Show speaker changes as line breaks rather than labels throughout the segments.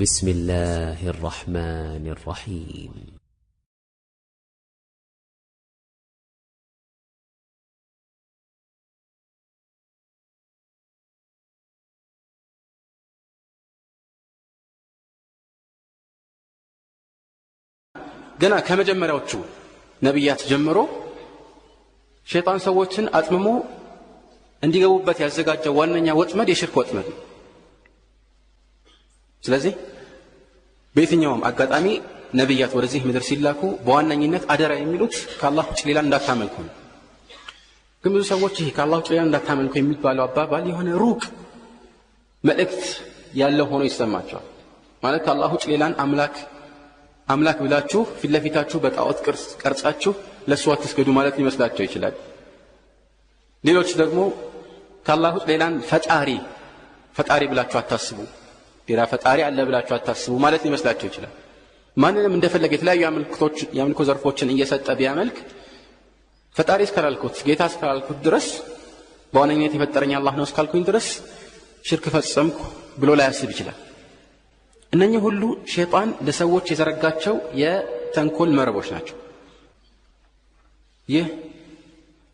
بسم الله الرحمن الرحيم جنا كما جمروا تشو نبيات جمروا شيطان سوتن أتممو እንዲገቡበት ያዘጋጀው ዋነኛ ወጥመድ የሽርክ ወጥመድ ነው። ስለዚህ በየትኛውም አጋጣሚ ነቢያት ወደዚህ ምድር ሲላኩ በዋነኝነት አደራ የሚሉት ከአላህ ውጭ ሌላ እንዳታመልኩ ነው። ግን ብዙ ሰዎች ይሄ ከአላህ ውጭ ሌላ እንዳታመልኩ የሚባለው አባባል የሆነ ሩቅ መልእክት ያለው ሆኖ ይሰማቸዋል። ማለት ከአላህ ውጭ ሌላን አምላክ አምላክ ብላችሁ ፊት ለፊታችሁ በጣዖት ቅርጽ ቀርጻችሁ ለእሱ አትስገዱ ማለት ሊመስላቸው ይችላል። ሌሎች ደግሞ ከአላህ ውስጥ ሌላን ፈጣሪ ፈጣሪ ብላችሁ አታስቡ። ሌላ ፈጣሪ አለ ብላችሁ አታስቡ ማለት ሊመስላቸው ይችላል። ማንንም እንደፈለገ የተለያዩ የአምልኮ ዘርፎችን እየሰጠ ቢያመልክ ፈጣሪ እስካላልኩት ጌታ እስካላልኩት ድረስ በዋነኝነት የፈጠረኝ አላህ ነው እስካልኩኝ ድረስ ሽርክ ፈጸምኩ ብሎ ላያስብ ይችላል። እነኚህ ሁሉ ሸይጣን ለሰዎች የዘረጋቸው የተንኮል መረቦች ናቸው። ይህ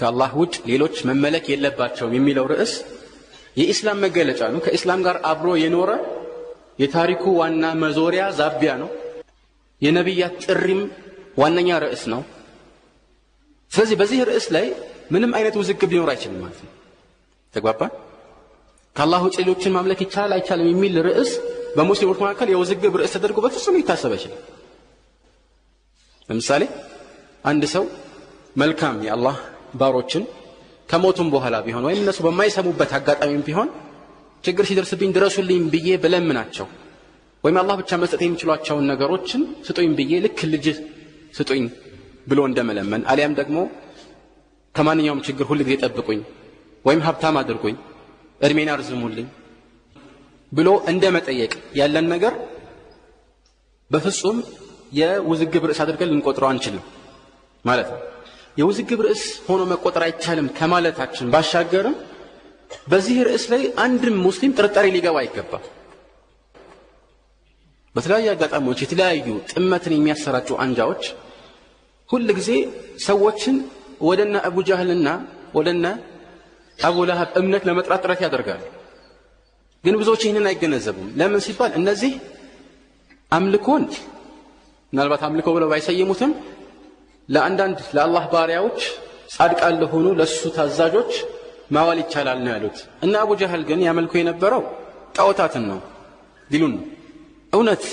ከአላህ ውጭ ሌሎች መመለክ የለባቸውም የሚለው ርዕስ የኢስላም መገለጫ ነው። ከኢስላም ጋር አብሮ የኖረ የታሪኩ ዋና መዞሪያ ዛቢያ ነው። የነቢያት ጥሪም ዋነኛ ርዕስ ነው። ስለዚህ በዚህ ርዕስ ላይ ምንም አይነት ውዝግብ ሊኖር አይችልም ማለት ነው። ተግባባን? ከአላህ ውጭ ሌሎችን ማምለክ ይቻላል አይቻልም የሚል ርዕስ በሙስሊሞች መካከል የውዝግብ ርዕስ ተደርጎ በፍጹም ሊታሰብ አይችልም። ለምሳሌ አንድ ሰው መልካም የአላህ ባሮችን ከሞቱም በኋላ ቢሆን ወይም እነሱ በማይሰሙበት አጋጣሚም ቢሆን ችግር ሲደርስብኝ ድረሱልኝ ብዬ ብለምናቸው ወይም አላህ ብቻ መስጠት የሚችሏቸውን ነገሮችን ስጡኝ ብዬ ልክ ልጅ ስጡኝ ብሎ እንደመለመን አሊያም ደግሞ ከማንኛውም ችግር ሁል ጊዜ ጠብቁኝ ወይም ሀብታም አድርጉኝ እድሜን አርዝሙልኝ ብሎ እንደ መጠየቅ ያለን ነገር በፍጹም የውዝግብ ርዕስ አድርገን ልንቆጥረው አንችልም ማለት ነው። የውዝግብ ርዕስ ሆኖ መቆጠር አይቻልም ከማለታችን ባሻገርም በዚህ ርዕስ ላይ አንድም ሙስሊም ጥርጣሬ ሊገባ አይገባም። በተለያዩ አጋጣሚዎች የተለያዩ ጥመትን የሚያሰራጩ አንጃዎች ሁል ጊዜ ሰዎችን ወደነ አቡ ጃህልና ወደነ አቡ ለሀብ እምነት ለመጥራት ጥረት ያደርጋሉ። ግን ብዙዎች ይህንን አይገነዘቡም። ለምን ሲባል እነዚህ አምልኮን ምናልባት አምልኮ ብለው ባይሰይሙትም ለአንዳንድ ለአላህ ባሪያዎች ጻድቃን ለሆኑ ለእሱ ታዛዦች ማዋል ይቻላል ነው ያሉት እና አቡ ጀህል ግን ያመልኩ የነበረው ጣዖታትን ነው ዲሉን ነው እውነት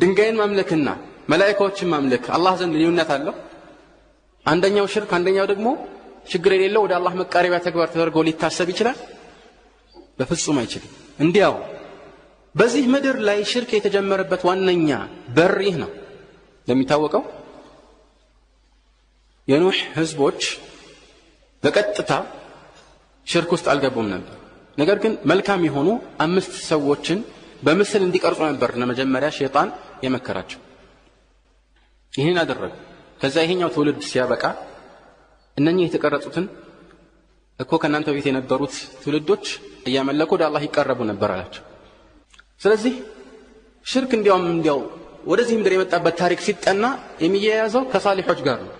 ድንጋይን ማምለክና መላይካዎችን ማምለክ አላህ ዘንድ ልዩነት አለው አንደኛው ሽርክ አንደኛው ደግሞ ችግር የሌለው ወደ አላህ መቃረቢያ ተግባር ተደርጎ ሊታሰብ ይችላል በፍጹም አይችልም እንዲያው በዚህ ምድር ላይ ሽርክ የተጀመረበት ዋነኛ በር ይህ ነው እንደሚታወቀው የኖህ ህዝቦች በቀጥታ ሽርክ ውስጥ አልገቡም ነበር። ነገር ግን መልካም የሆኑ አምስት ሰዎችን በምስል እንዲቀርጹ ነበር ለመጀመሪያ ሸይጣን የመከራቸው። ይህን አደረጉ። ከዛ ይሄኛው ትውልድ ሲያበቃ እነኚህ የተቀረጹትን እኮ ከእናንተ ቤት የነበሩት ትውልዶች እያመለኩ ወደ አላህ ይቀረቡ ነበር አላቸው። ስለዚህ ሽርክ እንዲያውም እንዲያው ወደዚህ ምድር የመጣበት ታሪክ ሲጠና የሚያያዘው ከሳሊሖች ጋር ነው።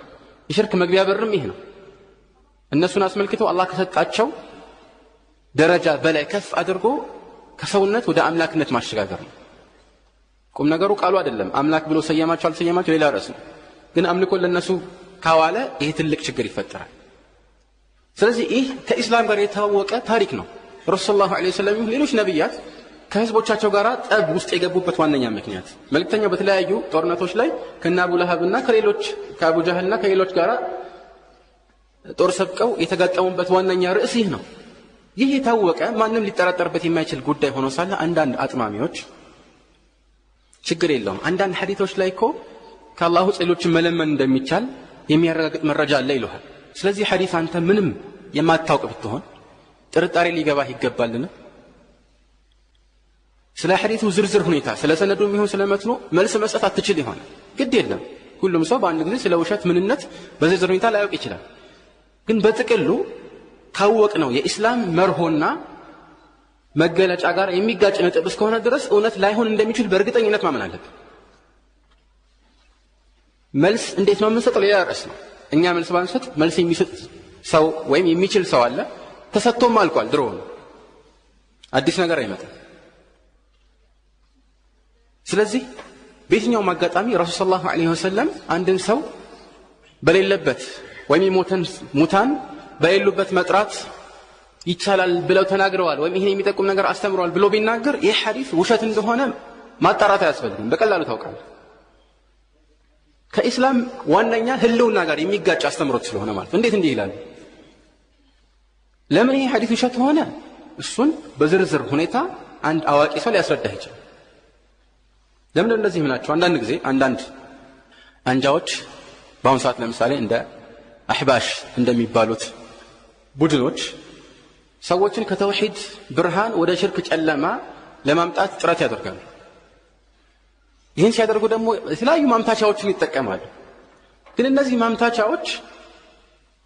የሽርክ መግቢያ በርም ይህ ነው እነሱን አስመልክተው አላህ ከሰጣቸው ደረጃ በላይ ከፍ አድርጎ ከሰውነት ወደ አምላክነት ማሸጋገር ነው ቁም ነገሩ ቃሉ አይደለም አምላክ ብሎ ሰየማቸው አልሰየማቸው ሌላ ርዕስ ነው ግን አምልኮ ለነሱ ካዋለ ይህ ትልቅ ችግር ይፈጠራል ስለዚህ ይህ ከኢስላም ጋር የታወቀ ታሪክ ነው ረሱ ላሁ ለ ሰለም ሌሎች ነቢያት ከህዝቦቻቸው ጋር ጠብ ውስጥ የገቡበት ዋነኛ ምክንያት መልክተኛው በተለያዩ ጦርነቶች ላይ ከነ አቡ ለሀብና ከሌሎች ከአቡ ጃህልና ከሌሎች ጋር ጦር ሰብቀው የተጋጠሙበት ዋነኛ ርዕስ ይህ ነው። ይህ የታወቀ ማንም ሊጠራጠርበት የማይችል ጉዳይ ሆኖ ሳለ አንዳንድ አጥማሚዎች ችግር የለውም አንዳንድ ሐዲቶች ላይ እኮ ከአላሁ ጸሎችን ሌሎችን መለመን እንደሚቻል የሚያረጋግጥ መረጃ አለ ይለሃል። ስለዚህ ሐዲት አንተ ምንም የማታውቅ ብትሆን ጥርጣሬ ሊገባህ ይገባልን? ስለ ሐዲቱ ዝርዝር ሁኔታ ስለ ሰነዱ ይሁን ስለ መትኑ መልስ መስጠት አትችል ይሆን ግድ የለም ሁሉም ሰው በአንድ ጊዜ ስለ ውሸት ምንነት በዝርዝር ሁኔታ ላያውቅ ይችላል። ግን በጥቅሉ ካወቅ ነው የኢስላም መርሆና መገለጫ ጋር የሚጋጭ ነጥብ እስከሆነ ድረስ እውነት ላይሆን እንደሚችል በእርግጠኝነት ማመን አለብን። መልስ እንዴት ነው የምንሰጠው? ሌላ ርዕስ ነው። እኛ መልስ ባንሰጥ መልስ የሚሰጥ ሰው ወይም የሚችል ሰው አለ። ተሰጥቶም አልቋል። ድሮ ነው። አዲስ ነገር አይመጣም። ስለዚህ በየትኛውም አጋጣሚ ረሱል ሰለላሁ ዐለይሂ ወሰለም አንድን ሰው በሌለበት ወይም የሞተን ሙታን በሌሉበት መጥራት ይቻላል ብለው ተናግረዋል ወይም ይህን የሚጠቁም ነገር አስተምረዋል ብሎ ቢናገር ይህ ሐዲስ ውሸት እንደሆነ ማጣራት አያስፈልግም። በቀላሉ ታውቃል ከኢስላም ዋነኛ ህልውና ጋር የሚጋጭ አስተምሮት ስለሆነ ማለት እንዴት እንዲህ ይላሉ ለምን ይህ ሐዲስ ውሸት ሆነ? እሱን በዝርዝር ሁኔታ አንድ አዋቂ ሰው ሊያስረዳ ይችላል። ለምን እንደዚህ ምናቸው? አንዳንድ ጊዜ አንዳንድ አንጃዎች በአሁኑ ሰዓት ለምሳሌ እንደ አሕባሽ እንደሚባሉት ቡድኖች ሰዎችን ከተውሒድ ብርሃን ወደ ሽርክ ጨለማ ለማምጣት ጥረት ያደርጋሉ። ይህን ሲያደርጉ ደግሞ የተለያዩ ማምታቻዎችን ይጠቀማሉ። ግን እነዚህ ማምታቻዎች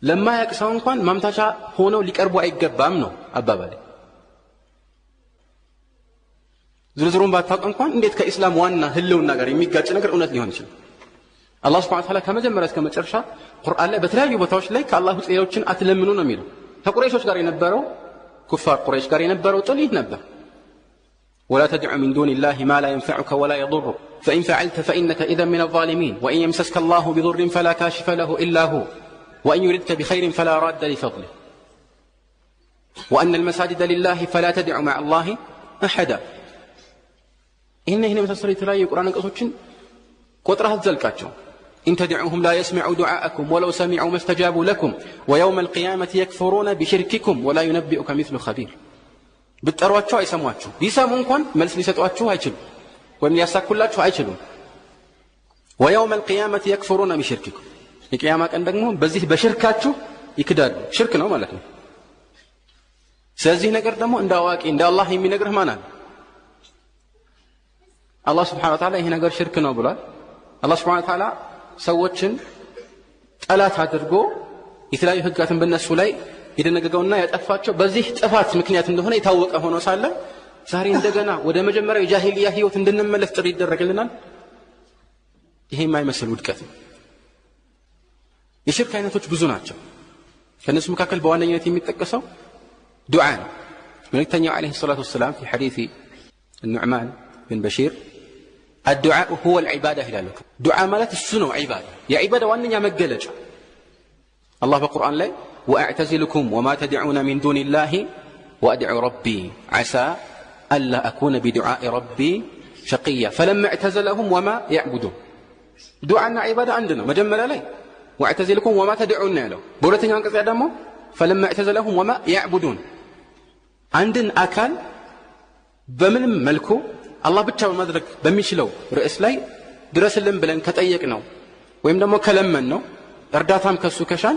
ለማያቅ ሰው እንኳን ማምታቻ ሆነው ሊቀርቡ አይገባም ነው አባባሌ። ዝርዝሩን ባታውቅ እንኳን እንዴት ከኢስላም ዋና ህልውና ጋር የሚጋጭ ነገር እውነት ሊሆን ይችላል አላህ ስብን ታላ ከመጀመሪያ እስከ መጨረሻ ቁርአን ላይ በተለያዩ ቦታዎች ላይ ከአላህ ውጤቶችን አትለምኑ ነው የሚለው ከቁረይሾች ጋር የነበረው ኩፋር ቁረይሽ ጋር የነበረው ጥል ይህ ነበር ولا تدع من دون الله ما لا ينفعك ولا يضرك فإن فعلت فإنك إذا من الظالمين وإن يمسسك الله بضر فلا كاشف له إلا هو وإن يردك بخير فلا راد لفضله وأن المساجد لله فلا تدع مع الله أحدا إن هنا ይህን ይህን የመሳሰሉ የተለያዩ የቁርአን አንቀጾችን ቆጥራ ትዘልቃቸው إن تدعوهم لا يسمعوا دعاءكم ولو سمعوا ما استجابوا لكم ويوم القيامة يكفرون بشرككم ولا ينبئك مثل خبير بتأرواتشو أي سمواتشو بيسامونكم ملس ليستواتشو هاي شنو تلو ومن يساكولاتشو هاي شنو ويوم القيامة يكفرون بشرككم القيامة كان دقمو بزيه بشركاتشو يكدر شركنا نوم لكم سازيه نقردمو عند إن عند الله يمي نقره ما نعلم አላህ ስብሓን ታላ ይሄ ነገር ሽርክ ነው ብሏል አላህ ስብሓን ታላ ሰዎችን ጠላት አድርጎ የተለያዩ ህጋትን በእነሱ ላይ የደነገገውና ያጠፋቸው በዚህ ጥፋት ምክንያት እንደሆነ የታወቀ ሆኖ ሳለ ዛሬ እንደገና ወደ መጀመሪያው የጃሂልያ ህይወት እንድንመለስ ጥሪ ይደረግልናል ይሄ የማይመስል ውድቀት ነው የሽርክ አይነቶች ብዙ ናቸው ከእነሱ መካከል በዋነኝነት የሚጠቀሰው ዱዓ ነው መልእክተኛው ለ ሰላት ወሰላም ፊ ሐዲث النعمان بن بشير الدعاء هو العبادة ይላሉ ዱዓ ማለት እሱ عبادة ዒባዳ የዒባዳ ዋነኛ መገለጫ الله በቁርአን لي وأعتزلكم وما تدعون من دون الله وأدعو ربي عسى ألا أكون بدعاء ربي شقيا فلما اعتزلهم وما يعبدون دعاءنا عبادة عندنا مجمل لي واعتزلكم وما تدعون له بولتني أنقذ دمو فلما اعتزلهم وما يعبدون عندن أكل بمن ملكه አላህ ብቻውን ማድረግ በሚችለው ርዕስ ላይ ድረስልን ብለን ከጠየቅ ነው ወይም ደግሞ ከለመን ነው እርዳታም ከሱ ከሻን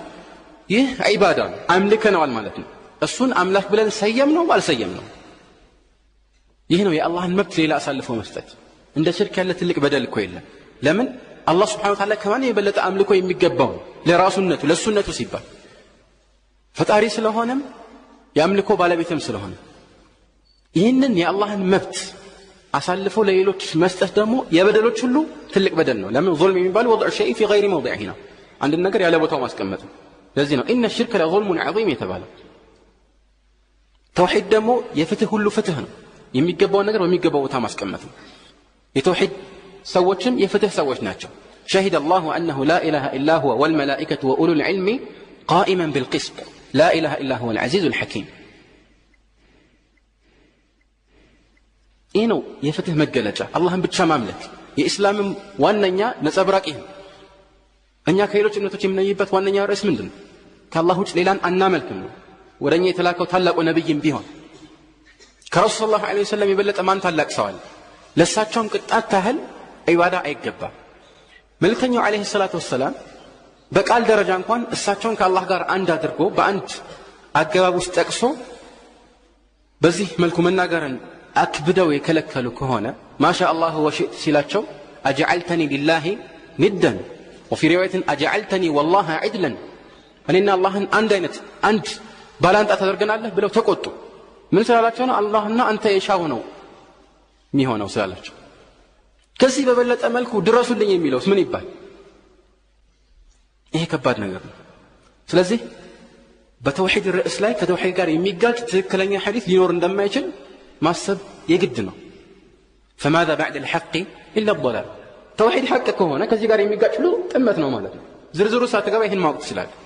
ይህ ዒባዳ ነው አምልከነዋል ማለት ነው እሱን አምላክ ብለን ሰየም ነው አልሰየም ነው ይህ ነው የአላህን መብት ሌላ አሳልፎ መስጠት እንደ ሽርክ ያለ ትልቅ በደል እኮ የለም ለምን አላህ ስብሓን ታላ ከማን የበለጠ አምልኮ የሚገባው ለራሱነቱ ለእሱነቱ ሲባል ፈጣሪ ስለሆነም የአምልኮ ባለቤትም ስለሆነ ይህንን የአላህን መብት أصلفوا أصلفه ليلوت مستس دمو يبدلوت شلو تلك بدلنا نو لمن ظلم يبال وضع شيء في غير موضع هنا عند النقر يا لابو توماس كمت لازينا إن الشرك لظلم عظيم يتبال توحيد دمو يفتح كل فتح يميقبو النقر وميقبو توماس كمت يتوحيد سوتشم يفتح سوتش شهد الله أنه لا إله إلا هو والملائكة وأولو العلم قائما بالقسم لا إله إلا هو العزيز الحكيم ይህ ነው የፍትህ መገለጫ፣ አላህን ብቻ ማምለክ። የኢስላምም ዋነኛ ነጸብራቅ ይህ እኛ ከሌሎች እምነቶች የምናይበት ዋነኛ ርዕስ ምንድን ነው? ከአላህ ውጭ ሌላን አናመልክም ነው። ወደ እኛ የተላከው ታላቁ ነቢይም ቢሆን ከረሱል ላሁ ዐለይሂ ሰለም የበለጠ ማን ታላቅ ሰዋል? ለእሳቸውም ቅጣት ታህል ዒባዳ አይገባም። መልክተኛው ዐለይሂ ሰላት ወሰላም በቃል ደረጃ እንኳን እሳቸውን ከአላህ ጋር አንድ አድርጎ በአንድ አገባብ ውስጥ ጠቅሶ በዚህ መልኩ መናገርን أكبدوا يكلك هنا ما شاء الله وشئت سلاتشو أجعلتني لله ندا وفي رواية أجعلتني والله عدلا أن إن الله أن دينت أنت بل أنت أتدرقنا الله بلو تقوتو من سلالاتشونا الله أنت يشاهنو ميهونو سلالاتشو كسي ببلت أملكو درسو لن يميلو من إبال إيه كباد نقرنا سلزي بتوحيد الرئيس لاي كتوحيد قاري ميقال تتكلم حديث ينور ندم ما يشل ما السب يقدنا فماذا بعد الحق إلا الضلال توحيد حقك هنا كذي قاري ميقاتلو تمتنا ما زرزرو ساتقوا يهن ما قلت سلاك